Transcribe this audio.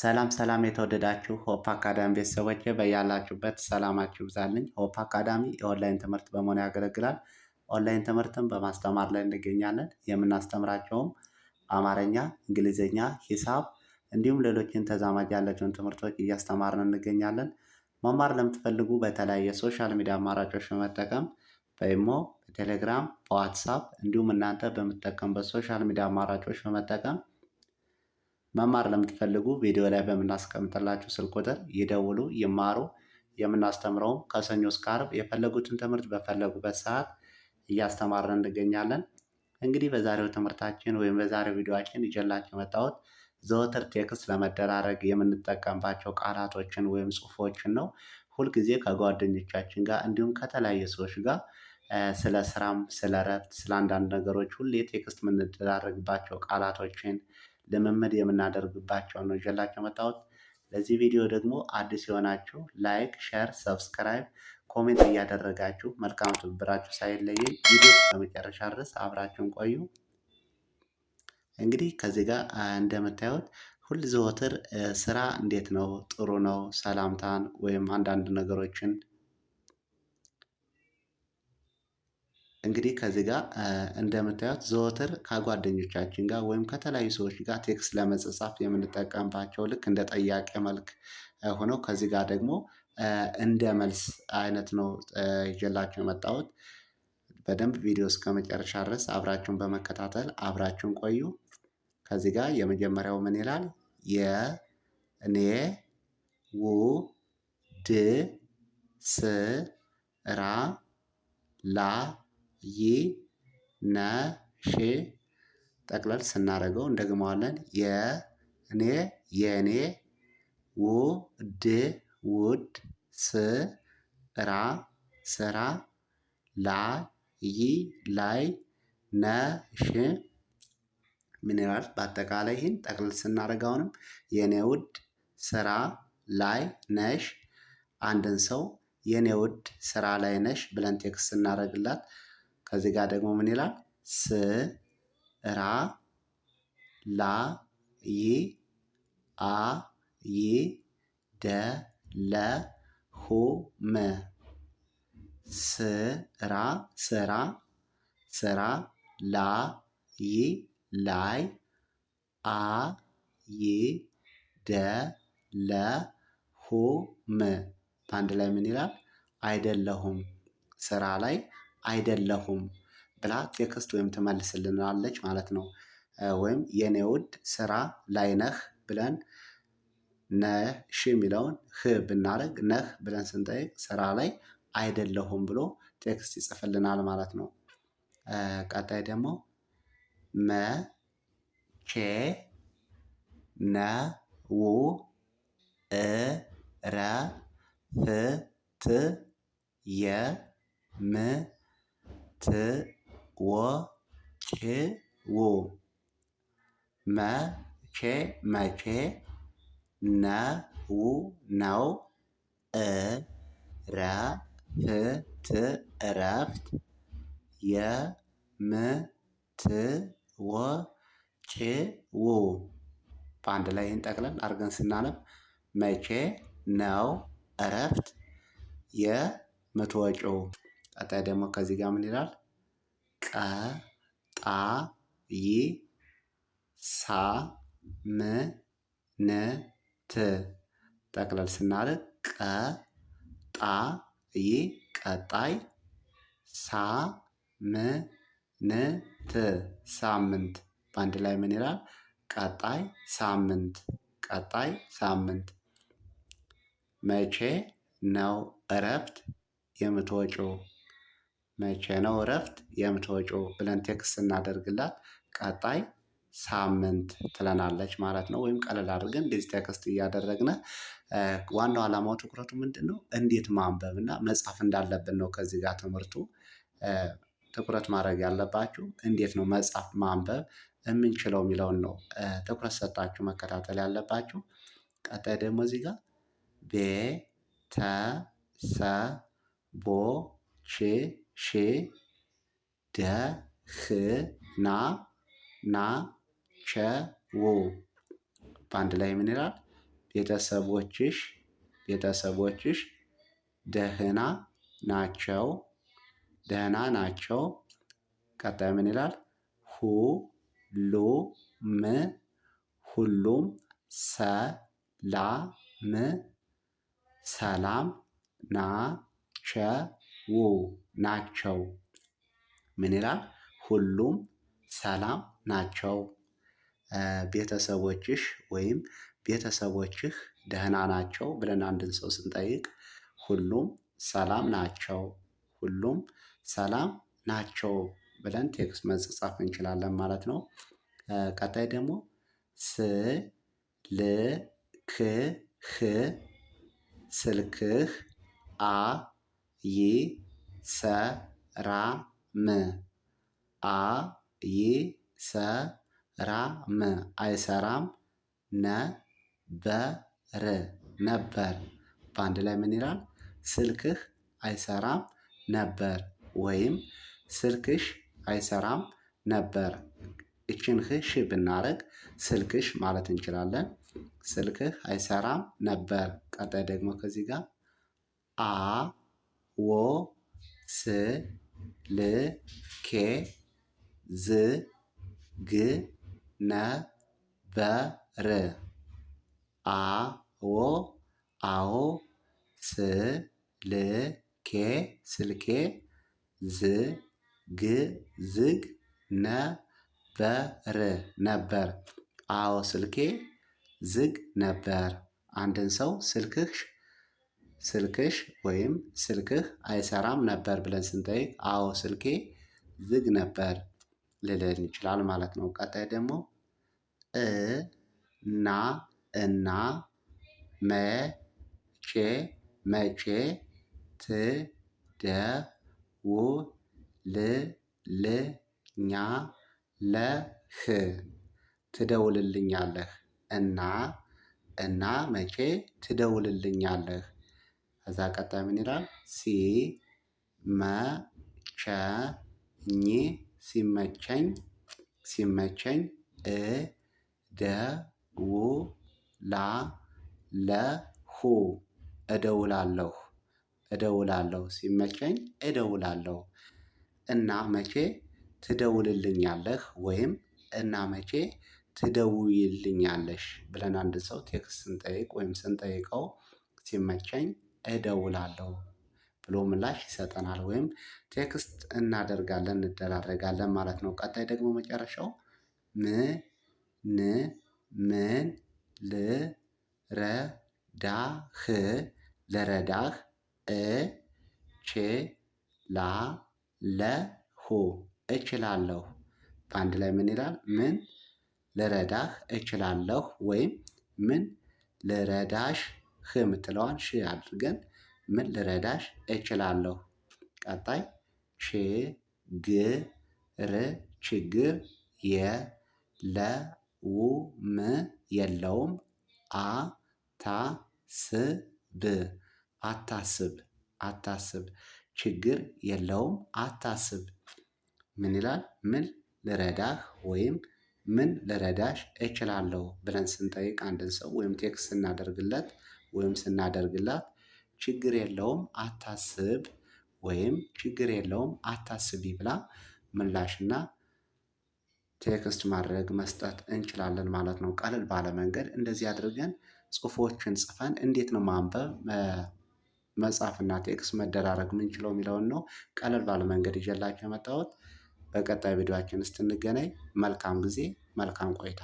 ሰላም ሰላም የተወደዳችሁ ሆፕ አካዳሚ ቤተሰቦች በያላችሁበት ሰላማችሁ ይብዛልኝ። ሆፕ አካዳሚ የኦንላይን ትምህርት በመሆን ያገለግላል። ኦንላይን ትምህርትን በማስተማር ላይ እንገኛለን። የምናስተምራቸውም አማርኛ፣ እንግሊዝኛ፣ ሂሳብ እንዲሁም ሌሎችን ተዛማጅ ያላቸውን ትምህርቶች እያስተማርን እንገኛለን። መማር ለምትፈልጉ በተለያየ ሶሻል ሚዲያ አማራጮች በመጠቀም በኢሞ፣ በቴሌግራም፣ በዋትሳፕ እንዲሁም እናንተ በምትጠቀሙበት ሶሻል ሚዲያ አማራጮች በመጠቀም መማር ለምትፈልጉ ቪዲዮ ላይ በምናስቀምጥላችሁ ስልክ ቁጥር ይደውሉ፣ ይማሩ። የምናስተምረውም ከሰኞ እስከ ዓርብ የፈለጉትን ትምህርት በፈለጉበት ሰዓት እያስተማርን እንገኛለን። እንግዲህ በዛሬው ትምህርታችን ወይም በዛሬው ቪዲዮችን ይዤላችሁ የመጣሁት ዘወትር ቴክስት ለመደራረግ የምንጠቀምባቸው ቃላቶችን ወይም ጽሁፎችን ነው። ሁልጊዜ ከጓደኞቻችን ጋር እንዲሁም ከተለያዩ ሰዎች ጋር ስለ ስራም፣ ስለ እረፍት፣ ስለ አንዳንድ ነገሮች ሁሌ ቴክስት የምንደራረግባቸው ቃላቶችን ልምምድ የምናደርግባቸው ነው ይዤላችሁ የመጣሁት። ለዚህ ቪዲዮ ደግሞ አዲስ የሆናችሁ ላይክ፣ ሸር፣ ሰብስክራይብ፣ ኮሜንት እያደረጋችሁ መልካም ትብብራችሁ ሳይለየኝ ቪዲዮ ከመጨረሻ ድረስ አብራችሁን ቆዩ። እንግዲህ ከዚህ ጋር እንደምታዩት ሁል ዘወትር ስራ እንዴት ነው? ጥሩ ነው። ሰላምታን ወይም አንዳንድ ነገሮችን እንግዲህ ከዚህ ጋር እንደምታዩት ዘወትር ከጓደኞቻችን ጋር ወይም ከተለያዩ ሰዎች ጋር ቴክስት ለመጻጻፍ የምንጠቀምባቸው ልክ እንደ ጠያቄ መልክ ሆነው ከዚህ ጋር ደግሞ እንደ መልስ አይነት ነው ይዤላችሁ የመጣሁት። በደንብ ቪዲዮ እስከ መጨረሻ ድረስ አብራችሁን በመከታተል አብራችሁን ቆዩ። ከዚህ ጋር የመጀመሪያው ምን ይላል? የኔ ውድ ስራ ላ ነ ይነሽ ጠቅለል ስናደርገው እንደግመዋለን። የኔ የኔ ውድ ውድ ስራ ላ ይ ላይ ነ ሽ ሚኔራል በአጠቃላይ ይህን ጠቅልል ስናደርግ የእኔ ውድ ስራ ላይ ነሽ አንድን ሰው የእኔ ውድ ስራ ላይ ነሽ ብለን ቴክስት ስናደርግላት ከዚህ ጋር ደግሞ ምን ይላል? ስ ራ ላ ይ አ ይ ደ ለ ሁ መ ስራ ስራ ስራ ላ ይ ላይ አ ይ ደ ለ ሁ መ በአንድ ላይ ምን ይላል? አይደለሁም ስራ ላይ አይደለሁም ብላ ቴክስት ወይም ትመልስልናለች ማለት ነው። ወይም የኔ ውድ ስራ ላይ ነህ ብለን ነሽ የሚለውን ህ ብናደርግ ነህ ብለን ስንጠይቅ ስራ ላይ አይደለሁም ብሎ ቴክስት ይጽፍልናል ማለት ነው። ቀጣይ ደግሞ መቼ ነው እረፍት የም መትወጭው መቼ መቼ ነው ነው እረፍት እረፍት ው በአንድ ላይ ይህን ጠቅለን አድርገን ስናነብ መቼ ነው እረፍት የምትወጪው? ቀጣይ ደግሞ ከዚህ ጋር ምን ይላል? ይ ሳ ቀጣይ ሳምንት ጠቅለል ስናደርግ ቀጣይ ቀጣይ ሳምንት ሳምንት በአንድ ላይ ምን ይላል? ቀጣይ ሳምንት ቀጣይ ሳምንት መቼ ነው እረፍት የምትወጪው? መቼ ነው እረፍት የምትወጪው ብለን ቴክስት እናደርግላት ቀጣይ ሳምንት ትለናለች ማለት ነው። ወይም ቀለል አድርገን እንደዚህ ቴክስት እያደረግነ ዋናው ዓላማው ትኩረቱ ምንድን ነው? እንዴት ማንበብ እና መጻፍ እንዳለብን ነው። ከዚህ ጋር ትምህርቱ ትኩረት ማድረግ ያለባችሁ እንዴት ነው መጻፍ ማንበብ የምንችለው የሚለውን ነው ትኩረት ሰጣችሁ መከታተል ያለባችሁ። ቀጣይ ደግሞ እዚህ ጋር ቤተሰቦቼ? ሼ ደ ህ ና ና ቸ ው በአንድ ላይ ምን ይላል? ቤተሰቦችሽ ቤተሰቦችሽ ደህና ናቸው ደህና ናቸው። ቀጣይ ምን ይላል? ም ሁሉም ም ሰላም ቸ ው ናቸው። ምን ይላል? ሁሉም ሰላም ናቸው። ቤተሰቦችሽ ወይም ቤተሰቦችህ ደህና ናቸው ብለን አንድን ሰው ስንጠይቅ ሁሉም ሰላም ናቸው፣ ሁሉም ሰላም ናቸው ብለን ቴክስት መጻፍ እንችላለን ማለት ነው። ቀጣይ ደግሞ ስልክህ ስልክህ አይ ሰራም አይሰራም አ አይሰራም ነበር ነበር። በአንድ ላይ ምን ይላል? ስልክህ አይሰራም ነበር ወይም ስልክሽ አይሰራም ነበር። እችን ህ ብናረግ ስልክሽ ማለት እንችላለን። ስልክህ አይሰራም ነበር። ቀጣይ ደግሞ ከዚህ ጋር አ ወ ስ ል ኬ ዝ ግ ነ በ ር አ ዎ አዎ ስ ል ኬ ስልኬ ዝ ግ ዝግ ነ በ ር ነበር። አዎ ስልኬ ዝግ ነበር። አንድን ሰው ስልክሽ ስልክሽ ወይም ስልክህ አይሰራም ነበር ብለን ስንጠይቅ አዎ ስልኬ ዝግ ነበር ሊለን ይችላል ማለት ነው። ቀጣይ ደግሞ እ ና እና መቼ መቼ ህ ትደውልልኛለህ እና እና መቼ ትደውልልኛለህ ከዛ ቀጣይ ምን ይላል? ሲ መ ቸ ኝ ሲመቸኝ ሲመቸኝ እ ደ ው ላ ለ ሁ እደውላለሁ እደውላለሁ ሲመቸኝ እደውላለሁ። እና መቼ ትደውልልኛለህ ወይም እና መቼ ትደውይልኛለሽ ብለን አንድ ሰው ቴክስት ስንጠይቅ ወይም ስንጠይቀው ሲመቸኝ እደውላለሁ ብሎ ምላሽ ይሰጠናል ወይም ቴክስት እናደርጋለን እንደራረጋለን ማለት ነው። ቀጣይ ደግሞ መጨረሻው ምን ምን ልረዳህ ልረዳህ እችላለሁ እችላለሁ በአንድ ላይ ምን ይላል ምን ልረዳህ እችላለሁ ወይም ምን ልረዳሽ ህ የምትለዋን ሽ አድርገን ምን ልረዳሽ እችላለሁ። ቀጣይ ሽ ግ ር ችግር የለውም የለውም አ ታ ስ ብ አታስብ አታስብ ችግር የለውም አታስብ። ምን ይላል ምን ልረዳህ ወይም ምን ልረዳሽ እችላለሁ ብለን ስንጠይቅ አንድን ሰው ወይም ቴክስት ስናደርግለት ወይም ስናደርግላት ችግር የለውም አታስብ ወይም ችግር የለውም አታስቢ ብላ ምላሽና ቴክስት ማድረግ መስጠት እንችላለን ማለት ነው። ቀለል ባለ መንገድ እንደዚህ አድርገን ጽሁፎችን ጽፈን እንዴት ነው ማንበብ መጻፍና ቴክስት መደራረግ ምንችለው የሚለውን ነው ቀለል ባለ መንገድ ይዤላችሁ የመጣሁት። በቀጣይ ቪዲዮችን ስትንገናኝ መልካም ጊዜ፣ መልካም ቆይታ